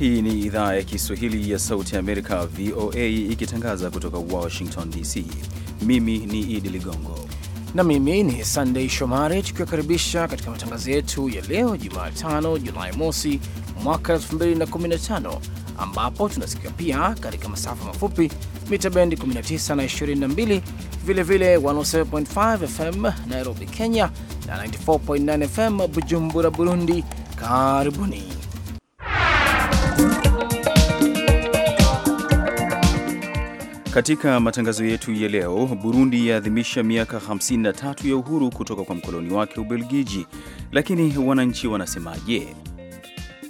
Hii ni idhaa ya Kiswahili ya Sauti ya Amerika, VOA, ikitangaza kutoka Washington DC. Mimi ni Idi Ligongo na mimi ni Sandei Shomari, tukiwakaribisha katika matangazo yetu ya leo Jumatano, Julai mosi mwaka 2015 ambapo tunasikia pia katika masafa mafupi mita bendi 19 na 22, vilevile 107.5 FM Nairobi, Kenya na 94.9 FM Bujumbura, Burundi. Karibuni. Katika matangazo yetu ya leo, Burundi yaadhimisha miaka 53 ya uhuru kutoka kwa mkoloni wake Ubelgiji, lakini wananchi wanasemaje?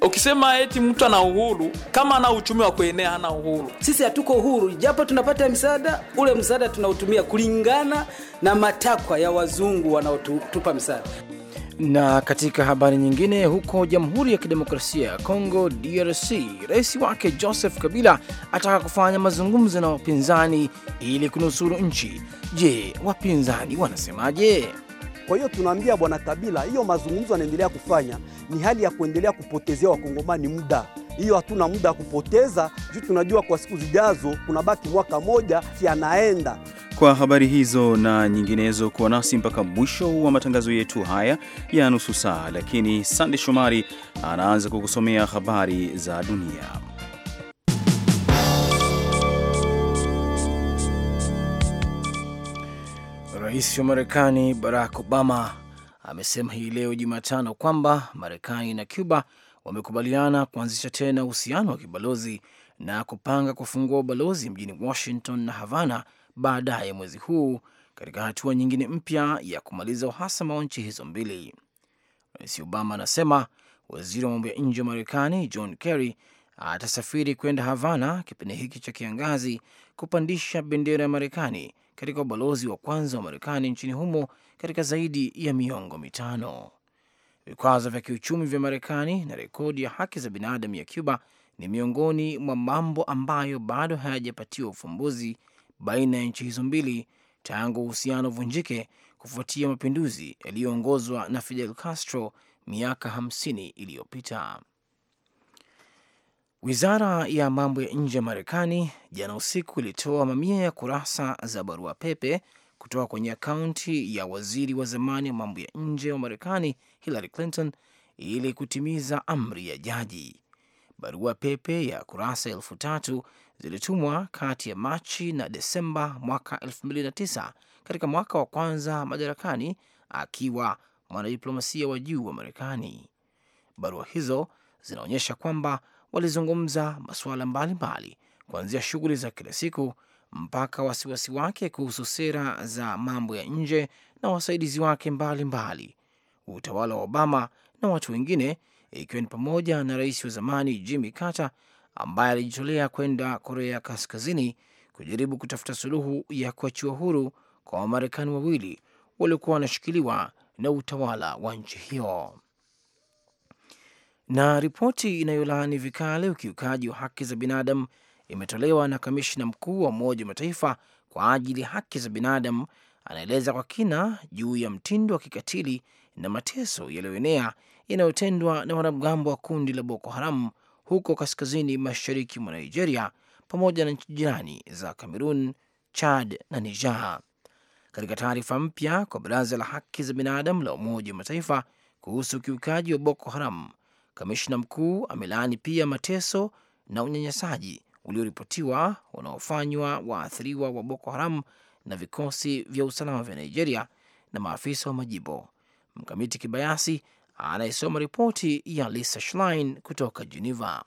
Ukisema eti mtu ana uhuru kama ana uchumi wa kuenea, hana uhuru. Sisi hatuko uhuru, japo tunapata msaada. Ule msaada tunautumia kulingana na matakwa ya wazungu wanaotupa msaada. Na katika habari nyingine, huko Jamhuri ya Kidemokrasia ya Kongo DRC, rais wake Joseph Kabila ataka kufanya mazungumzo na wapinzani ili kunusuru nchi. Je, wapinzani wanasemaje? Kwa hiyo tunaambia bwana Kabila, hiyo mazungumzo anaendelea kufanya ni hali ya kuendelea kupotezea wakongomani muda. Hiyo hatuna muda wa kupoteza juu tunajua kwa siku zijazo kuna baki mwaka moja, anaenda kwa habari hizo na nyinginezo, kuwa nasi mpaka mwisho wa matangazo yetu haya ya nusu saa, lakini Sande Shomari anaanza kukusomea habari za dunia. Rais wa Marekani Barack Obama amesema hii leo Jumatano kwamba Marekani na Cuba wamekubaliana kuanzisha tena uhusiano wa kibalozi na kupanga kufungua ubalozi mjini Washington na Havana baadaye mwezi huu katika hatua nyingine mpya ya kumaliza uhasama wa nchi hizo mbili. Rais Obama anasema waziri wa mambo ya nje wa Marekani John Kerry atasafiri kwenda Havana kipindi hiki cha kiangazi kupandisha bendera ya Marekani katika ubalozi wa kwanza wa Marekani nchini humo katika zaidi ya miongo mitano. Vikwazo vya kiuchumi vya Marekani na rekodi ya haki za binadamu ya Cuba ni miongoni mwa mambo ambayo bado hayajapatiwa ufumbuzi baina ya nchi hizo mbili tangu uhusiano uvunjike kufuatia mapinduzi yaliyoongozwa na Fidel Castro miaka 50 iliyopita. Wizara ya mambo ya nje ya Marekani jana usiku ilitoa mamia ya kurasa za barua pepe kutoka kwenye akaunti ya waziri wa zamani wa mambo ya nje wa Marekani Hillary Clinton ili kutimiza amri ya jaji. Barua pepe ya kurasa elfu tatu zilitumwa kati ya Machi na Desemba mwaka 2009 katika mwaka wa kwanza madarakani akiwa mwanadiplomasia wa juu wa Marekani. Barua hizo zinaonyesha kwamba walizungumza masuala mbalimbali kuanzia shughuli za kila siku mpaka wasiwasi wake kuhusu sera za mambo ya nje na wasaidizi wake mbalimbali, utawala wa Obama na watu wengine, ikiwa ni pamoja na rais wa zamani Jimmy Carter ambaye alijitolea kwenda Korea Kaskazini kujaribu kutafuta suluhu ya kuachiwa huru kwa Wamarekani wawili waliokuwa wanashikiliwa na utawala wa nchi hiyo. Na ripoti inayolaani vikali ukiukaji wa haki za binadamu imetolewa na kamishna mkuu wa Umoja wa Mataifa kwa ajili ya haki za binadamu, anaeleza kwa kina juu ya mtindo wa kikatili na mateso yaliyoenea yanayotendwa na wanamgambo wa kundi la Boko haramu huko kaskazini mashariki mwa Nigeria pamoja na nchi jirani za Cameroon, Chad na Niger. Katika taarifa mpya kwa Baraza la Haki za Binadamu la Umoja wa Mataifa kuhusu ukiukaji wa Boko Haram, kamishna mkuu amelaani pia mateso na unyanyasaji ulioripotiwa unaofanywa waathiriwa wa Boko Haram na vikosi vya usalama vya Nigeria na maafisa wa majimbo. Mkamiti Kibayasi anayesoma ripoti ya Lisa Schlein kutoka Geneva.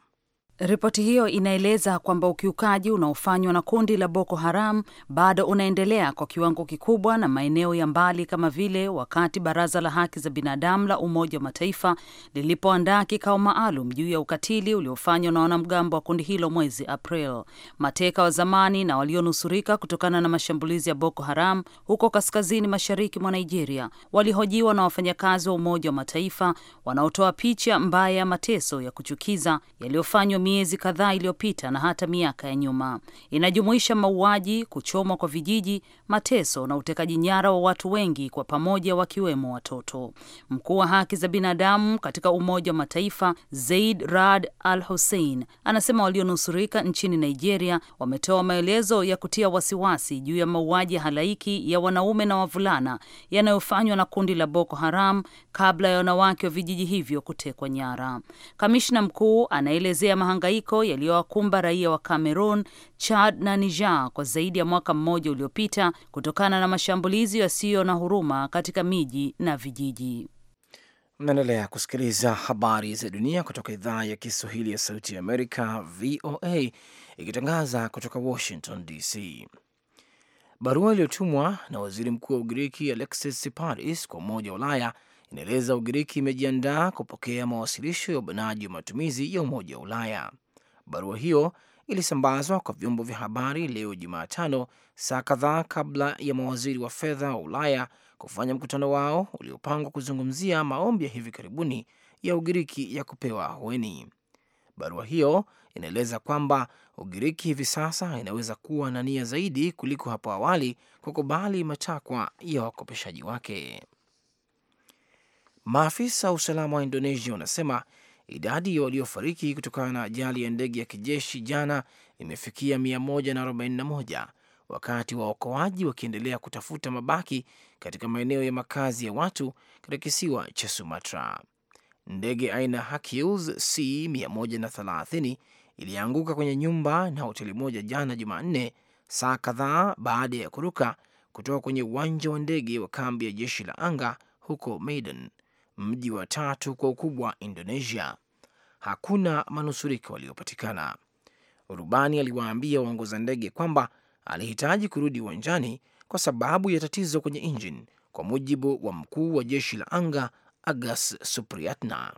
Ripoti hiyo inaeleza kwamba ukiukaji unaofanywa na kundi la Boko Haram bado unaendelea kwa kiwango kikubwa na maeneo ya mbali kama vile wakati Baraza la Haki za Binadamu la Umoja wa Mataifa lilipoandaa kikao maalum juu ya ukatili uliofanywa na wanamgambo wa kundi hilo mwezi April. Mateka wa zamani na walionusurika kutokana na mashambulizi ya Boko Haram huko kaskazini mashariki mwa Nigeria walihojiwa na wafanyakazi wa Umoja wa Mataifa wanaotoa picha mbaya ya mateso ya kuchukiza yaliyofanywa miezi kadhaa iliyopita na hata miaka ya nyuma. Inajumuisha mauaji, kuchomwa kwa vijiji, mateso na utekaji nyara wa watu wengi kwa pamoja, wakiwemo watoto. Mkuu wa haki za binadamu katika Umoja wa Mataifa Zaid Rad Al Hussein anasema walionusurika nchini Nigeria wametoa maelezo ya kutia wasiwasi juu ya mauaji ya halaiki ya wanaume na wavulana yanayofanywa na kundi la Boko Haram kabla ya wanawake wa vijiji hivyo kutekwa nyara. Kamishna mkuu anaelezea mahangaiko yaliyowakumba raia wa Cameroon, Chad na Niger kwa zaidi ya mwaka mmoja uliopita kutokana na mashambulizi yasiyo na huruma katika miji na vijiji. Mnaendelea kusikiliza habari za dunia kutoka idhaa ya Kiswahili ya Sauti ya Amerika, VOA, ikitangaza kutoka Washington DC. Barua iliyotumwa na waziri mkuu wa Ugiriki Alexis Siparis kwa Umoja wa Ulaya inaeleza Ugiriki imejiandaa kupokea mawasilisho ya ubanaji wa matumizi ya Umoja wa Ulaya. Barua hiyo ilisambazwa kwa vyombo vya habari leo Jumatano, saa kadhaa kabla ya mawaziri wa fedha wa Ulaya kufanya mkutano wao uliopangwa kuzungumzia maombi ya hivi karibuni ya Ugiriki ya kupewa ahueni. Barua hiyo inaeleza kwamba Ugiriki hivi sasa inaweza kuwa na nia zaidi kuliko hapo awali kukubali matakwa ya wakopeshaji wake. Maafisa wa usalama wa Indonesia wanasema idadi ya waliofariki kutokana na ajali ya ndege ya kijeshi jana imefikia 141 wakati waokoaji wakiendelea kutafuta mabaki katika maeneo ya makazi ya watu katika kisiwa cha Sumatra. Ndege aina Hercules C 130 ilianguka kwenye nyumba na hoteli moja jana Jumanne, saa kadhaa baada ya kuruka kutoka kwenye uwanja wa ndege wa kambi ya jeshi la anga huko Maiden, mji wa tatu kwa ukubwa Indonesia. Hakuna manusuriko waliopatikana. Rubani aliwaambia waongoza ndege kwamba alihitaji kurudi uwanjani kwa sababu ya tatizo kwenye injini, kwa mujibu wa mkuu wa jeshi la anga Agas Supriyatna.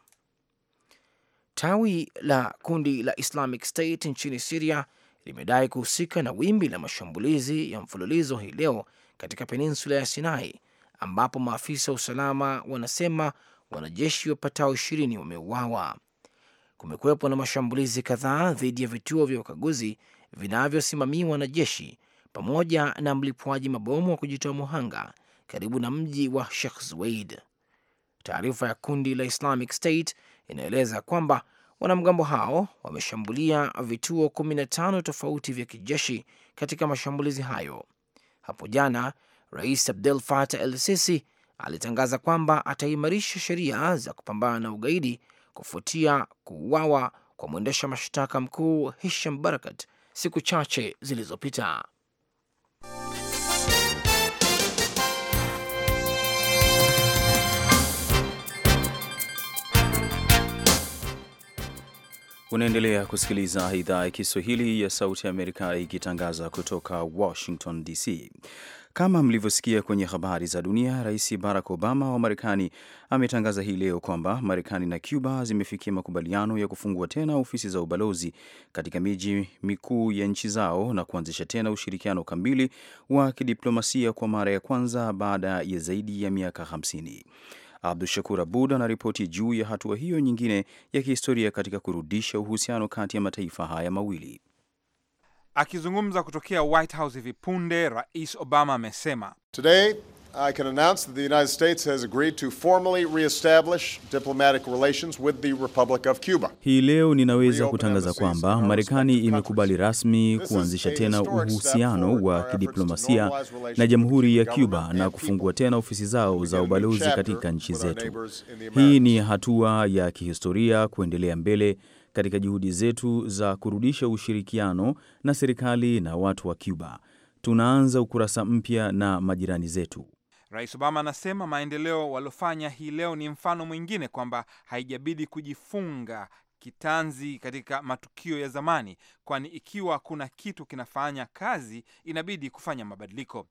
Tawi la kundi la Islamic State nchini Siria limedai kuhusika na wimbi la mashambulizi ya mfululizo hii leo katika peninsula ya Sinai ambapo maafisa wa usalama wanasema wanajeshi wapatao ishirini wameuawa. Kumekuwepo na mashambulizi kadhaa dhidi ya vituo vya ukaguzi vinavyosimamiwa na jeshi pamoja na mlipuaji mabomu wa kujitoa muhanga karibu na mji wa Sheikh Zuweid. Taarifa ya kundi la Islamic State inaeleza kwamba wanamgambo hao wameshambulia vituo 15 tofauti vya kijeshi katika mashambulizi hayo. Hapo jana Rais Abdel Fattah el Sisi alitangaza kwamba ataimarisha sheria za kupambana na ugaidi kufuatia kuuawa kwa mwendesha mashtaka mkuu Hisham Barakat siku chache zilizopita. Unaendelea kusikiliza idhaa ya Kiswahili ya Sauti ya Amerika ikitangaza kutoka Washington DC. Kama mlivyosikia kwenye habari za dunia, Rais Barack Obama wa Marekani ametangaza hii leo kwamba Marekani na Cuba zimefikia makubaliano ya kufungua tena ofisi za ubalozi katika miji mikuu ya nchi zao na kuanzisha tena ushirikiano kamili wa kidiplomasia kwa mara ya kwanza baada ya zaidi ya miaka 50. Abdu Shakur Abud anaripoti juu ya hatua hiyo nyingine ya kihistoria katika kurudisha uhusiano kati ya mataifa haya mawili. Akizungumza kutokea White House hivi punde, Rais Obama amesema Today I can announce that the United States has agreed to formally reestablish diplomatic relations with the Republic of Cuba. Hii leo ninaweza kutangaza kwamba Marekani imekubali rasmi kuanzisha tena uhusiano wa kidiplomasia na Jamhuri ya Cuba na kufungua tena ofisi zao za ubalozi katika nchi zetu. Hii ni hatua ya kihistoria kuendelea mbele katika juhudi zetu za kurudisha ushirikiano na serikali na watu wa Cuba. Tunaanza ukurasa mpya na majirani zetu. Rais Obama anasema maendeleo waliofanya hii leo ni mfano mwingine kwamba haijabidi kujifunga kitanzi katika matukio ya zamani, kwani ikiwa kuna kitu kinafanya kazi inabidi kufanya mabadiliko.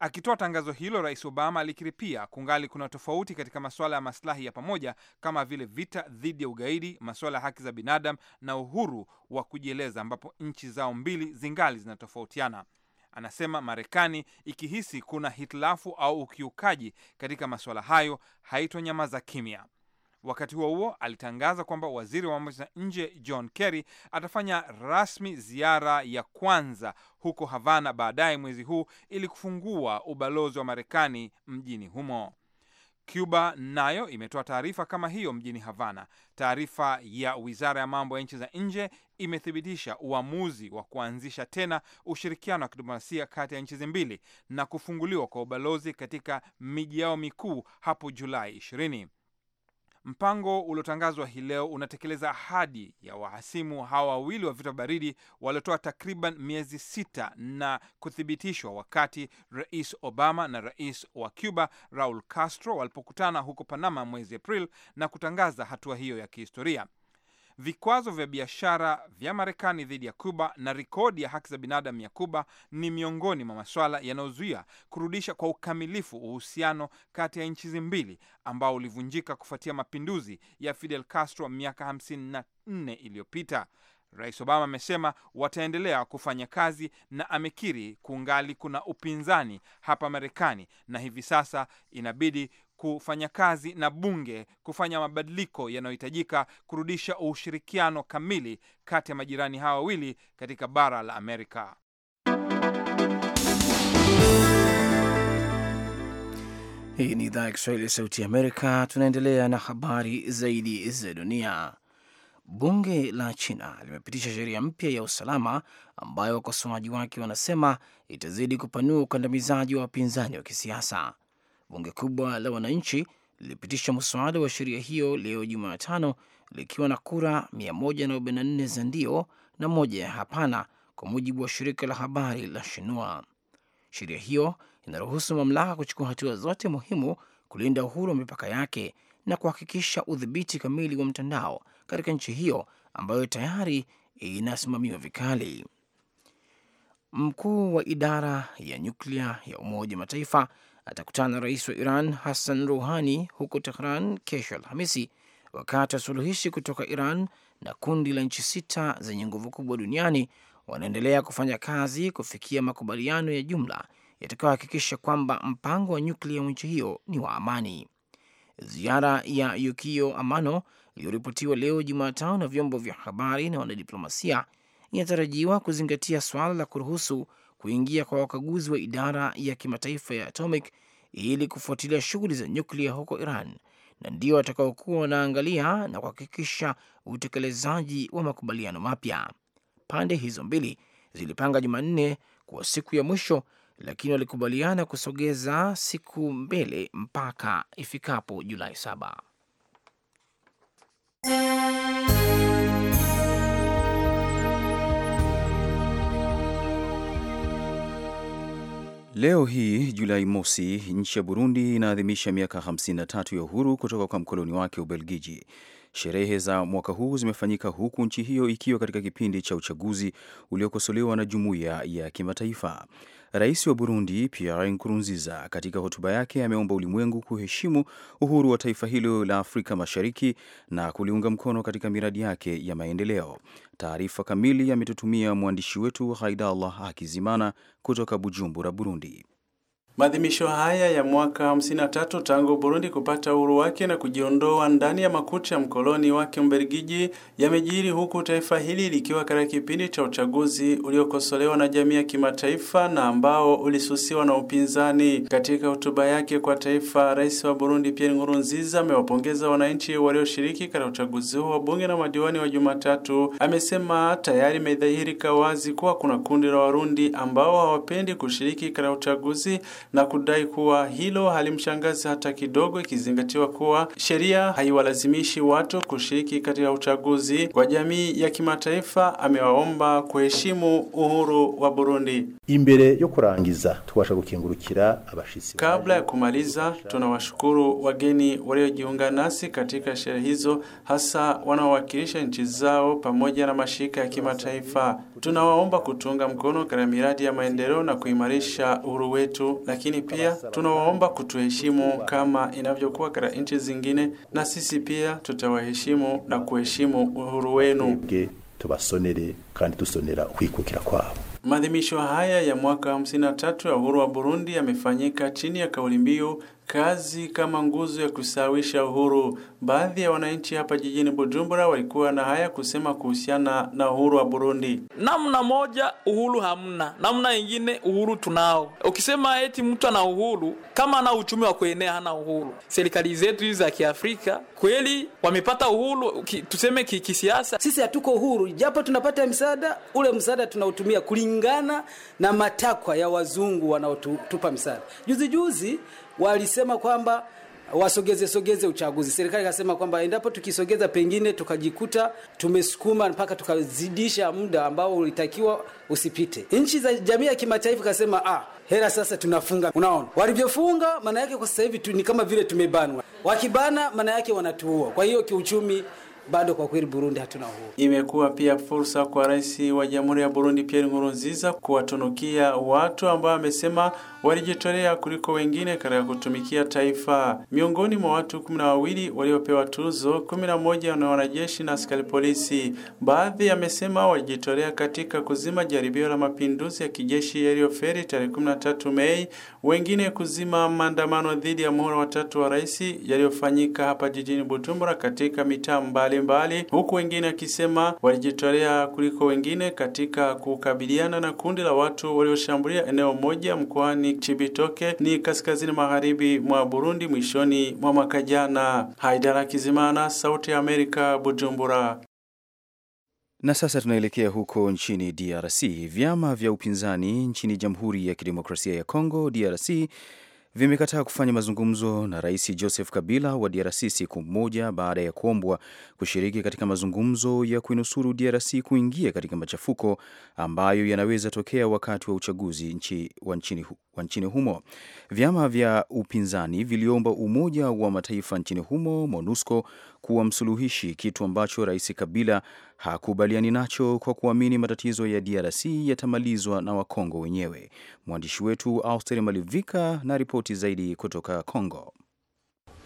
Akitoa tangazo hilo, Rais Obama alikiri pia kungali kuna tofauti katika masuala ya maslahi ya pamoja kama vile vita dhidi ya ugaidi, masuala ya haki za binadamu na uhuru wa kujieleza, ambapo nchi zao mbili zingali zinatofautiana. Anasema Marekani ikihisi kuna hitilafu au ukiukaji katika masuala hayo haitonyamaza kimya. Wakati huo huo, alitangaza kwamba waziri wa mambo ya nje John Kerry atafanya rasmi ziara ya kwanza huko Havana baadaye mwezi huu ili kufungua ubalozi wa Marekani mjini humo. Cuba nayo imetoa taarifa kama hiyo mjini Havana. Taarifa ya wizara ya mambo ya nchi za nje imethibitisha uamuzi wa kuanzisha tena ushirikiano wa kidiplomasia kati ya nchi hizi mbili na kufunguliwa kwa ubalozi katika miji yao mikuu hapo Julai 20. Mpango uliotangazwa hii leo unatekeleza ahadi ya wahasimu hawa wawili wa vita baridi waliotoa takriban miezi sita na kuthibitishwa wakati Rais Obama na rais wa Cuba Raul Castro walipokutana huko Panama mwezi Aprili na kutangaza hatua hiyo ya kihistoria. Vikwazo vya biashara vya Marekani dhidi ya kuba na rekodi ya haki za binadamu ya kuba ni miongoni mwa masuala yanayozuia kurudisha kwa ukamilifu uhusiano kati ya nchi hizi mbili ambao ulivunjika kufuatia mapinduzi ya Fidel Castro miaka 54 iliyopita. Rais Obama amesema wataendelea kufanya kazi na amekiri kungali kuna upinzani hapa Marekani na hivi sasa inabidi kufanya kazi na bunge kufanya mabadiliko yanayohitajika kurudisha ushirikiano kamili kati ya majirani hawa wawili katika bara la Amerika. Hii ni idhaa ya Kiswahili ya Sauti ya Amerika. Tunaendelea na habari zaidi za dunia. Bunge la China limepitisha sheria mpya ya usalama ambayo wakosoaji wake wanasema itazidi kupanua ukandamizaji wa wapinzani wa kisiasa bunge kubwa la wananchi lilipitisha mswada wa sheria hiyo leo Jumatano likiwa na kura 144 za ndio na moja ya hapana, kwa mujibu wa shirika la habari la Shinua. Sheria hiyo inaruhusu mamlaka kuchukua hatua zote muhimu kulinda uhuru wa mipaka yake na kuhakikisha udhibiti kamili wa mtandao katika nchi hiyo ambayo tayari inasimamiwa vikali. Mkuu wa idara ya nyuklia ya Umoja wa Mataifa atakutana na rais wa Iran Hassan Rouhani huko Tehran kesho Alhamisi, wakati wasuluhishi kutoka Iran na kundi la nchi sita zenye nguvu kubwa duniani wanaendelea kufanya kazi kufikia makubaliano ya jumla yatakayohakikisha kwamba mpango wa nyuklia wa nchi hiyo ni wa amani. Ziara ya Yukio Amano iliyoripotiwa leo Jumatano na vyombo vya habari na wanadiplomasia inatarajiwa kuzingatia suala la kuruhusu kuingia kwa wakaguzi wa idara ya kimataifa ya Atomic ili kufuatilia shughuli za nyuklia huko Iran, na ndio watakaokuwa wanaangalia na kuhakikisha utekelezaji wa makubaliano mapya. Pande hizo mbili zilipanga Jumanne kuwa siku ya mwisho, lakini walikubaliana kusogeza siku mbele mpaka ifikapo Julai saba. Leo hii Julai mosi, nchi ya Burundi inaadhimisha miaka 53 ya uhuru kutoka kwa mkoloni wake Ubelgiji. Sherehe za mwaka huu zimefanyika huku nchi hiyo ikiwa katika kipindi cha uchaguzi uliokosolewa na jumuiya ya kimataifa. Rais wa Burundi Pierre Nkurunziza katika hotuba yake ameomba ulimwengu kuheshimu uhuru wa taifa hilo la Afrika Mashariki na kuliunga mkono katika miradi yake ya maendeleo. Taarifa kamili ametutumia mwandishi wetu Haidallah Hakizimana kutoka Bujumbura, Burundi. Maadhimisho haya ya mwaka 53 tangu Burundi kupata uhuru wake na kujiondoa ndani ya makucha ya mkoloni wake mbelgiji yamejiri huku taifa hili likiwa katika kipindi cha uchaguzi uliokosolewa na jamii ya kimataifa na ambao ulisusiwa na upinzani. Katika hotuba yake kwa taifa, Rais wa Burundi Pierre Nkurunziza amewapongeza wananchi walioshiriki katika uchaguzi huo wa bunge na madiwani wa Jumatatu. Amesema tayari imedhihirika wazi kuwa kuna kundi la Warundi ambao hawapendi kushiriki katika uchaguzi na kudai kuwa hilo halimshangazi hata kidogo, ikizingatiwa kuwa sheria haiwalazimishi watu kushiriki katika uchaguzi. Kwa jamii ya kimataifa, amewaomba kuheshimu uhuru wa Burundi. Imbere yo kurangiza tubasha gukingurukira abashitsi. Kabla ya kumaliza, tunawashukuru wageni waliojiunga nasi katika sherehe hizo, hasa wanaowakilisha nchi zao pamoja na mashirika ya kimataifa. Tunawaomba kutunga mkono katika miradi ya maendeleo na kuimarisha uhuru wetu lakini pia tunawaomba kutuheshimu kama inavyokuwa katika nchi zingine, na sisi pia tutawaheshimu na kuheshimu uhuru wenu tubasonere kandi tusonera kwikukira kwabo. Maadhimisho haya ya mwaka 53 ya uhuru wa Burundi yamefanyika chini ya kauli mbiu kazi kama nguzo ya kusawisha uhuru. Baadhi ya wananchi hapa jijini Bujumbura walikuwa na haya kusema kuhusiana na uhuru wa Burundi. Namna moja uhuru hamna, namna ingine uhuru tunao. Ukisema eti mtu ana uhuru kama ana uchumi wa kuenea, hana uhuru. Serikali zetu hizi za Kiafrika kweli wamepata uhuru ki, tuseme ki, kisiasa. Sisi hatuko uhuru, japo tunapata msaada. Ule msaada tunautumia kulingana na matakwa ya wazungu wanaotupa msaada. Juzi juzi walisema kwamba wasogeze sogeze uchaguzi. Serikali ikasema kwamba endapo tukisogeza, pengine tukajikuta tumesukuma mpaka tukazidisha muda ambao ulitakiwa usipite. Nchi za jamii ya kimataifa kasema ah, hela sasa tunafunga. Unaona walivyofunga, maana yake kwa sasa hivi ni kama vile tumebanwa. Wakibana, maana yake wanatuua. Kwa hiyo kiuchumi bado kwa kweli Burundi hatuna uhuru. Imekuwa pia fursa kwa rais wa Jamhuri ya Burundi Pierre Nkurunziza kuwatunukia watu ambao amesema walijitolea kuliko wengine katika kutumikia taifa. Miongoni mwa watu kumi na wawili waliopewa tuzo, kumi na moja na wanajeshi na askari polisi. Baadhi amesema walijitolea katika kuzima jaribio la mapinduzi ya kijeshi yaliyoferi tarehe 13 Mei, wengine kuzima maandamano dhidi ya muhula watatu wa rais yaliyofanyika hapa jijini Butumbura katika mitaa mbali mbalimbali, huku wengine wakisema walijitolea kuliko wengine katika kukabiliana na kundi la watu walioshambulia eneo moja mkoani Chibitoke ni kaskazini magharibi mwa Burundi mwishoni mwa mwaka jana. Haidara Kizimana, Sauti ya Amerika, Bujumbura. Na sasa tunaelekea huko nchini DRC. Vyama vya upinzani nchini Jamhuri ya Kidemokrasia ya Kongo DRC vimekataa kufanya mazungumzo na Rais Joseph Kabila wa DRC siku moja baada ya kuombwa kushiriki katika mazungumzo ya kuinusuru DRC kuingia katika machafuko ambayo yanaweza tokea wakati wa uchaguzi nchi wa nchini, wa nchini humo. Vyama vya upinzani viliomba Umoja wa Mataifa nchini humo MONUSCO kuwa msuluhishi, kitu ambacho Rais Kabila hakubaliani nacho kwa kuamini matatizo ya DRC yatamalizwa na Wakongo wenyewe. Mwandishi wetu Auster Malivika na ripoti ripoti zaidi kutoka Kongo.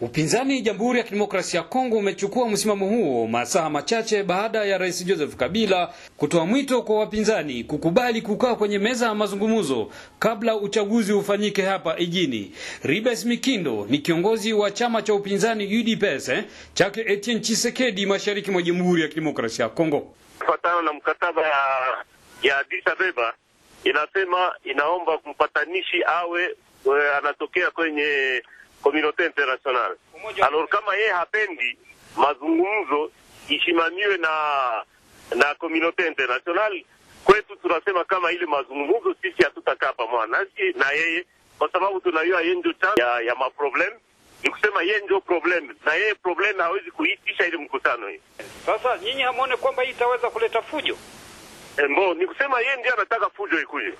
Upinzani Jamhuri ya Kidemokrasia ya Kongo umechukua msimamo huo masaa machache baada ya Rais Joseph Kabila kutoa mwito kwa wapinzani kukubali kukaa kwenye meza ya mazungumzo kabla uchaguzi ufanyike hapa ijini. Ribes Mikindo ni kiongozi wa chama cha upinzani UDPS eh, chake Etienne Chisekedi mashariki mwa Jamhuri ya Kidemokrasia ya Kongo. Kufuatana na mkataba ya ya Addis Ababa inasema inaomba mpatanishi awe Eh, anatokea kwenye komunote international. Alors kama yeye hapendi mazungumzo isimamiwe na na komunote international, kwetu tunasema kama ile mazungumzo sisi hatutakaa pamoja nasi na yeye, kwa sababu tunajua yeye ndio chanzo ya, ya maproblem ni kusema yeye ndio problem na yeye problem hawezi kuitisha ile mkutano hii. Sasa nyinyi hamuone kwamba hii itaweza kuleta fujo? Eh, mbo, ni kusema yeye ndiye anataka fujo ikuje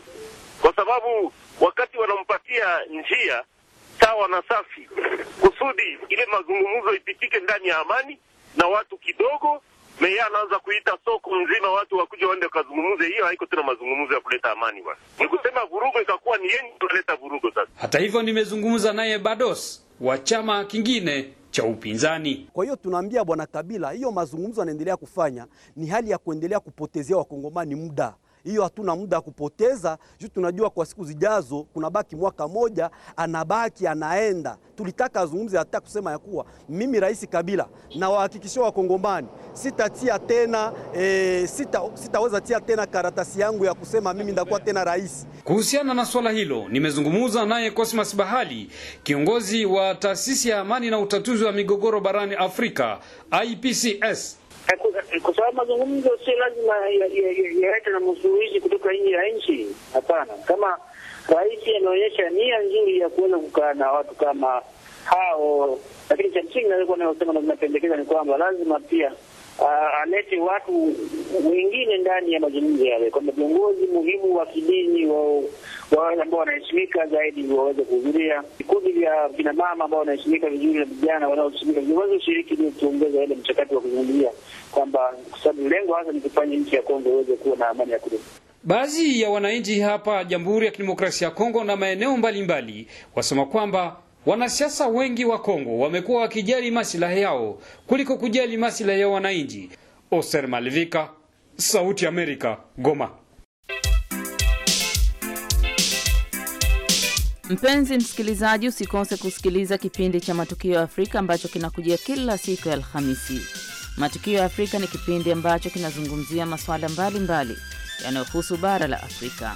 kwa sababu wakati wanampatia njia sawa na safi kusudi ile mazungumzo ipitike ndani ya amani na watu kidogo, meye anaanza kuita soko nzima, watu wakuja waende wakazungumze. Hiyo haiko tena mazungumzo ya kuleta amani bwana, ni kusema vurugo ikakuwa ni yeni tunaleta vurugo sasa. Hata hivyo, nimezungumza naye Bados wa chama kingine cha upinzani. Kwa hiyo tunaambia bwana Kabila, hiyo mazungumzo anaendelea kufanya ni hali ya kuendelea kupotezea wakongomani muda hiyo hatuna muda wa kupoteza juu tunajua kwa siku zijazo kuna baki mwaka moja, anabaki anaenda. Tulitaka azungumze, hata kusema ya kuwa mimi Rais Kabila na wahakikishia Wakongomani sitatia tena e, sita, sitaweza tia tena karatasi yangu ya kusema mimi ndakuwa tena rais. Kuhusiana na swala hilo nimezungumza naye Cosmas Bahali, kiongozi wa taasisi ya amani na utatuzi wa migogoro barani Afrika IPCS Eh, eh, kwa sababu mazungumzo sio lazima yalete na msuluhishi kutoka nje ya nchi. Hapana, kama rais anaonyesha nia nzuri ya kuweza kukaa na watu kama hao, lakini cha msingi naweza kuwa nayosema na zinapendekeza ni kwamba lazima pia uh, alete watu wengine ndani ya mazungumzo yale, kwamba viongozi muhimu wa kidini wale ambao wanaheshimika zaidi waweze kuhudhuria, vikundi vya kinamama ambao wanaheshimika vizuri na vijana wanaoheshimika vizuri waweze kushiriki, ili tuongeza ile mchakato wa kuzungumzia kwamba, kwa sababu lengo hasa ni kufanya nchi ya Kongo iweze kuwa na amani ya kudumu. Baadhi ya wananchi hapa Jamhuri ya Kidemokrasia ya Kongo na maeneo mbalimbali wasema kwamba Wanasiasa wengi wa Kongo wamekuwa wakijali masilahi yao kuliko kujali masilahi ya wananchi. Oser Malivika, Sauti Amerika, Goma. Mpenzi msikilizaji, usikose kusikiliza kipindi cha Matukio ya Afrika ambacho kinakujia kila siku ya Alhamisi. Matukio ya Afrika ni kipindi ambacho kinazungumzia masuala mbalimbali yanayohusu bara la Afrika.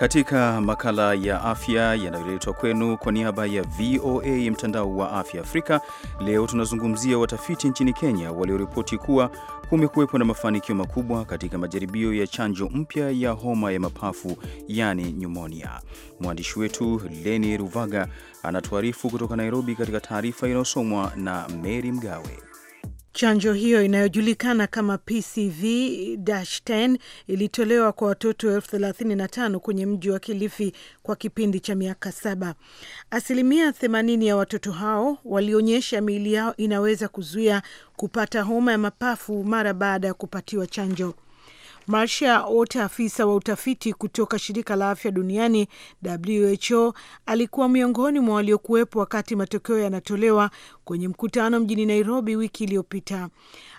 katika makala ya afya yanayoletwa kwenu kwa niaba ya VOA mtandao wa afya Afrika. Leo tunazungumzia watafiti nchini Kenya walioripoti kuwa kumekuwepo na mafanikio makubwa katika majaribio ya chanjo mpya ya homa ya mapafu yani nyumonia. Mwandishi wetu Leni Ruvaga anatuarifu kutoka Nairobi, katika taarifa inayosomwa na Meri Mgawe. Chanjo hiyo inayojulikana kama PCV-10 ilitolewa kwa watoto elfu thelathini na tano kwenye mji wa Kilifi kwa kipindi cha miaka saba. Asilimia themanini ya watoto hao walionyesha miili yao inaweza kuzuia kupata homa ya mapafu mara baada ya kupatiwa chanjo. Marsha Ota, afisa wa utafiti kutoka shirika la afya duniani WHO, alikuwa miongoni mwa waliokuwepo wakati matokeo yanatolewa kwenye mkutano mjini Nairobi wiki iliyopita.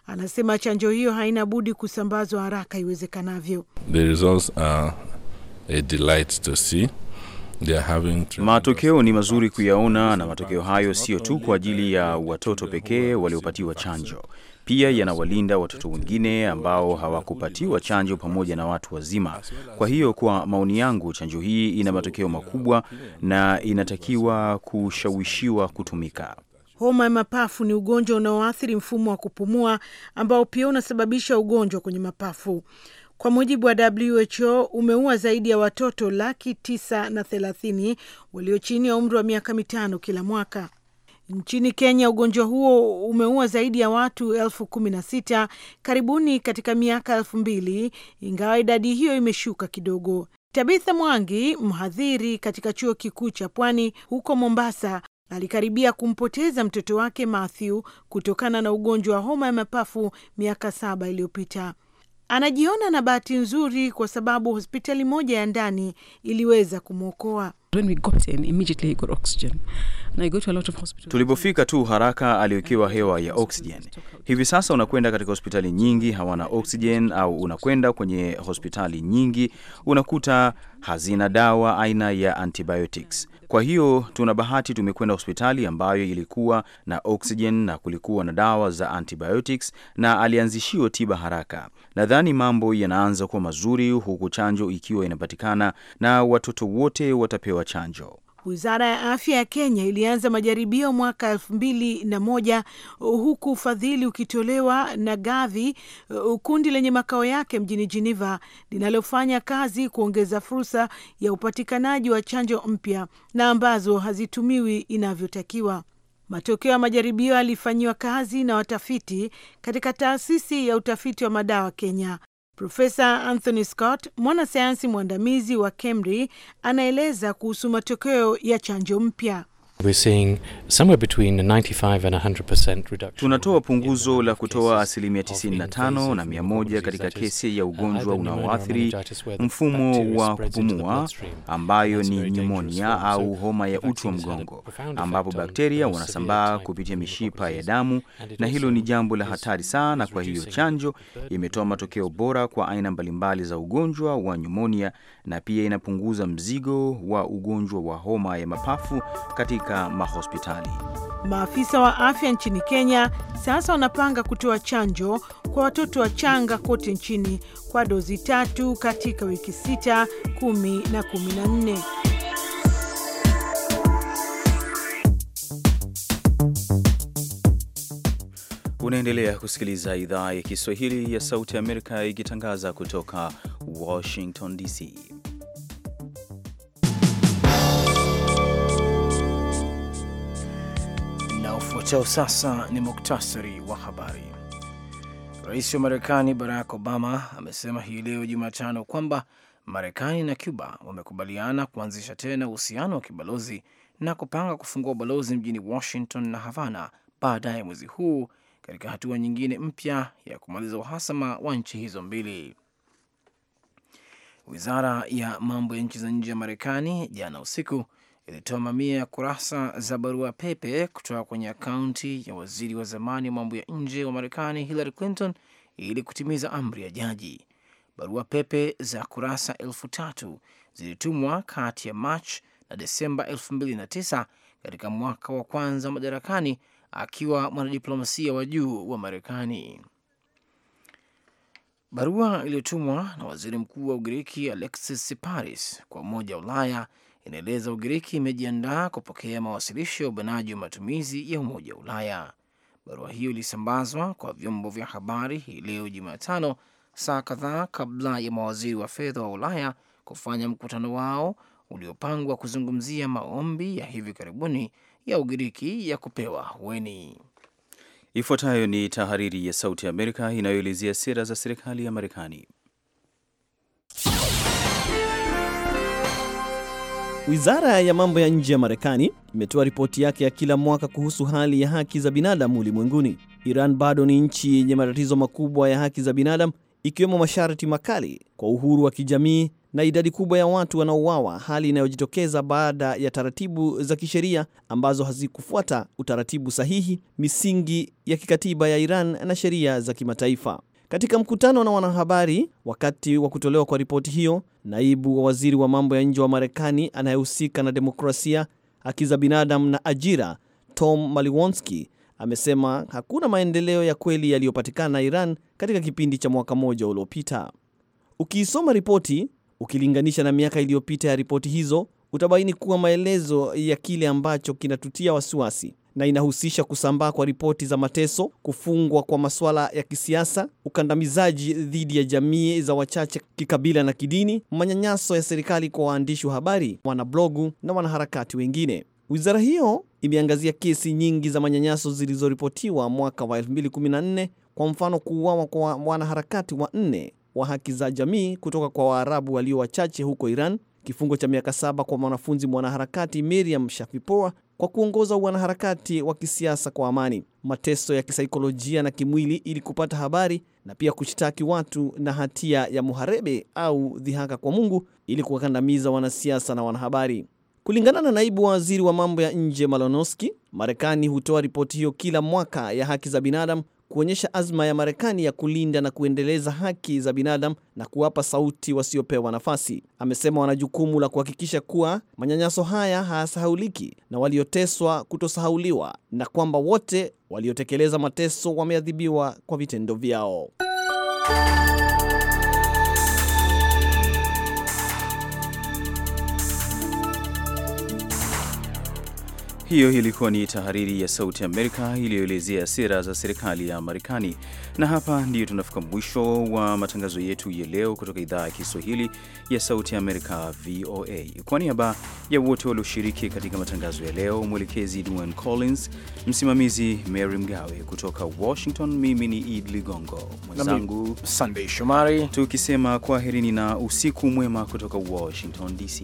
Anasema chanjo hiyo haina budi kusambazwa haraka iwezekanavyo. Matokeo ni mazuri kuyaona, na matokeo hayo siyo tu kwa ajili ya watoto pekee waliopatiwa chanjo pia yanawalinda watoto wengine ambao hawakupatiwa chanjo pamoja na watu wazima. Kwa hiyo, kwa maoni yangu, chanjo hii ina matokeo makubwa na inatakiwa kushawishiwa kutumika. Homa ya mapafu ni ugonjwa unaoathiri mfumo wa kupumua ambao pia unasababisha ugonjwa kwenye mapafu. Kwa mujibu wa WHO umeua zaidi ya watoto laki tisa na thelathini walio chini ya umri wa miaka mitano kila mwaka. Nchini Kenya, ugonjwa huo umeua zaidi ya watu elfu kumi na sita karibuni katika miaka elfu mbili ingawa idadi hiyo imeshuka kidogo. Tabitha Mwangi, mhadhiri katika chuo kikuu cha Pwani huko Mombasa, alikaribia kumpoteza mtoto wake Matthew kutokana na ugonjwa wa homa ya mapafu miaka saba iliyopita. Anajiona na bahati nzuri kwa sababu hospitali moja ya ndani iliweza kumwokoa. Tulipofika tu haraka aliwekewa hewa ya oksijen. Hivi sasa unakwenda katika hospitali nyingi hawana oksijen, au unakwenda kwenye hospitali nyingi unakuta hazina dawa aina ya antibiotics. Kwa hiyo tuna bahati, tumekwenda hospitali ambayo ilikuwa na oksijen na kulikuwa na dawa za antibiotics, na alianzishiwa tiba haraka. Nadhani mambo yanaanza kuwa mazuri, huku chanjo ikiwa inapatikana na watoto wote watapewa chanjo. Wizara ya afya ya Kenya ilianza majaribio mwaka elfu mbili na moja huku ufadhili ukitolewa na Gavi, kundi lenye makao yake mjini Geneva linalofanya kazi kuongeza fursa ya upatikanaji wa chanjo mpya na ambazo hazitumiwi inavyotakiwa. Matokeo ya majaribio yalifanyiwa kazi na watafiti katika taasisi ya utafiti wa madawa Kenya. Profesa Anthony Scott, mwanasayansi mwandamizi wa KEMRI, anaeleza kuhusu matokeo ya chanjo mpya. Tunatoa punguzo la kutoa asilimia 95 na 100 katika kesi ya ugonjwa unaoathiri mfumo wa kupumua ambayo ni nyumonia au homa ya uti wa mgongo, ambapo bakteria wanasambaa kupitia mishipa ya damu, na hilo ni jambo la hatari sana. Kwa hiyo chanjo imetoa matokeo bora kwa aina mbalimbali za ugonjwa wa nyumonia, na pia inapunguza mzigo wa ugonjwa wa homa ya mapafu katika katika mahospitali. Maafisa wa afya nchini Kenya sasa wanapanga kutoa chanjo kwa watoto wachanga kote nchini kwa dozi tatu katika wiki sita, kumi na kumi na nne. Unaendelea kusikiliza idhaa ya Kiswahili ya Sauti ya Amerika ikitangaza kutoka Washington DC. Ufuatao sasa ni muktasari wa habari. Rais wa Marekani Barack Obama amesema hii leo Jumatano kwamba Marekani na Cuba wamekubaliana kuanzisha tena uhusiano wa kibalozi na kupanga kufungua ubalozi mjini Washington na Havana baadaye mwezi huu katika hatua nyingine mpya ya kumaliza uhasama wa nchi hizo mbili. Wizara ya mambo ya nchi za nje ya Marekani jana usiku ilitoa mamia ya kurasa za barua pepe kutoka kwenye akaunti ya waziri wa zamani wa mambo ya nje wa Marekani Hillary Clinton ili kutimiza amri ya jaji. Barua pepe za kurasa elfu tatu zilitumwa kati ya Machi na Desemba 2009 katika mwaka wa kwanza madarakani akiwa mwanadiplomasia wa juu wa Marekani. Barua iliyotumwa na waziri mkuu wa Ugiriki Alexis Siparis kwa Umoja wa Ulaya inaeleza Ugiriki imejiandaa kupokea mawasilisho ya ubanaji wa matumizi ya Umoja wa Ulaya. Barua hiyo ilisambazwa kwa vyombo vya habari hii leo Jumatano, saa kadhaa kabla ya mawaziri wa fedha wa Ulaya kufanya mkutano wao uliopangwa kuzungumzia maombi ya hivi karibuni ya Ugiriki ya kupewa weni Ifuatayo ni tahariri ya Sauti ya Amerika inayoelezea sera za serikali ya Marekani. Wizara ya mambo ya nje ya Marekani imetoa ripoti yake ya kila mwaka kuhusu hali ya haki za binadamu ulimwenguni. Iran bado ni nchi yenye matatizo makubwa ya haki za binadamu, ikiwemo masharti makali kwa uhuru wa kijamii na idadi kubwa ya watu wanaouawa, hali inayojitokeza baada ya taratibu za kisheria ambazo hazikufuata utaratibu sahihi, misingi ya kikatiba ya Iran na sheria za kimataifa. Katika mkutano na wanahabari wakati wa kutolewa kwa ripoti hiyo, naibu wa waziri wa mambo ya nje wa Marekani anayehusika na demokrasia, haki za binadamu na ajira, Tom Maliwonski amesema hakuna maendeleo ya kweli yaliyopatikana na Iran katika kipindi cha mwaka mmoja uliopita. Ukiisoma ripoti ukilinganisha na miaka iliyopita ya ripoti hizo, utabaini kuwa maelezo ya kile ambacho kinatutia wasiwasi na inahusisha kusambaa kwa ripoti za mateso, kufungwa kwa masuala ya kisiasa, ukandamizaji dhidi ya jamii za wachache kikabila na kidini, manyanyaso ya serikali kwa waandishi wa habari, wanablogu na wanaharakati wengine. Wizara hiyo imeangazia kesi nyingi za manyanyaso zilizoripotiwa mwaka wa 2014 kwa mfano, kuuawa kwa wanaharakati wanne wa haki za jamii kutoka kwa Waarabu walio wachache huko Iran kifungo cha miaka saba kwa mwanafunzi mwanaharakati Miriam Shafipoa kwa kuongoza wanaharakati wa kisiasa kwa amani, mateso ya kisaikolojia na kimwili ili kupata habari na pia kushtaki watu na hatia ya muharebe au dhihaka kwa Mungu ili kuwakandamiza wanasiasa na wanahabari. Kulingana na naibu waziri wa mambo ya nje Malonoski, Marekani hutoa ripoti hiyo kila mwaka ya haki za binadamu kuonyesha azma ya Marekani ya kulinda na kuendeleza haki za binadamu na kuwapa sauti wasiopewa nafasi. Amesema wana jukumu la kuhakikisha kuwa manyanyaso haya hayasahauliki na walioteswa kutosahauliwa na kwamba wote waliotekeleza mateso wameadhibiwa kwa vitendo vyao. Hiyo ilikuwa ni tahariri ya Sauti Amerika iliyoelezea sera za serikali ya Marekani. Na hapa ndiyo tunafika mwisho wa matangazo yetu ya leo kutoka idhaa ya Kiswahili ya Sauti Amerika, VOA. Kwa niaba ya wote walioshiriki katika matangazo ya leo, mwelekezi Dwan Collins, msimamizi Mary Mgawe kutoka Washington, mimi ni Id Ligongo mwenzangu Sandey Shomari, tukisema kwaherini na usiku mwema kutoka Washington DC.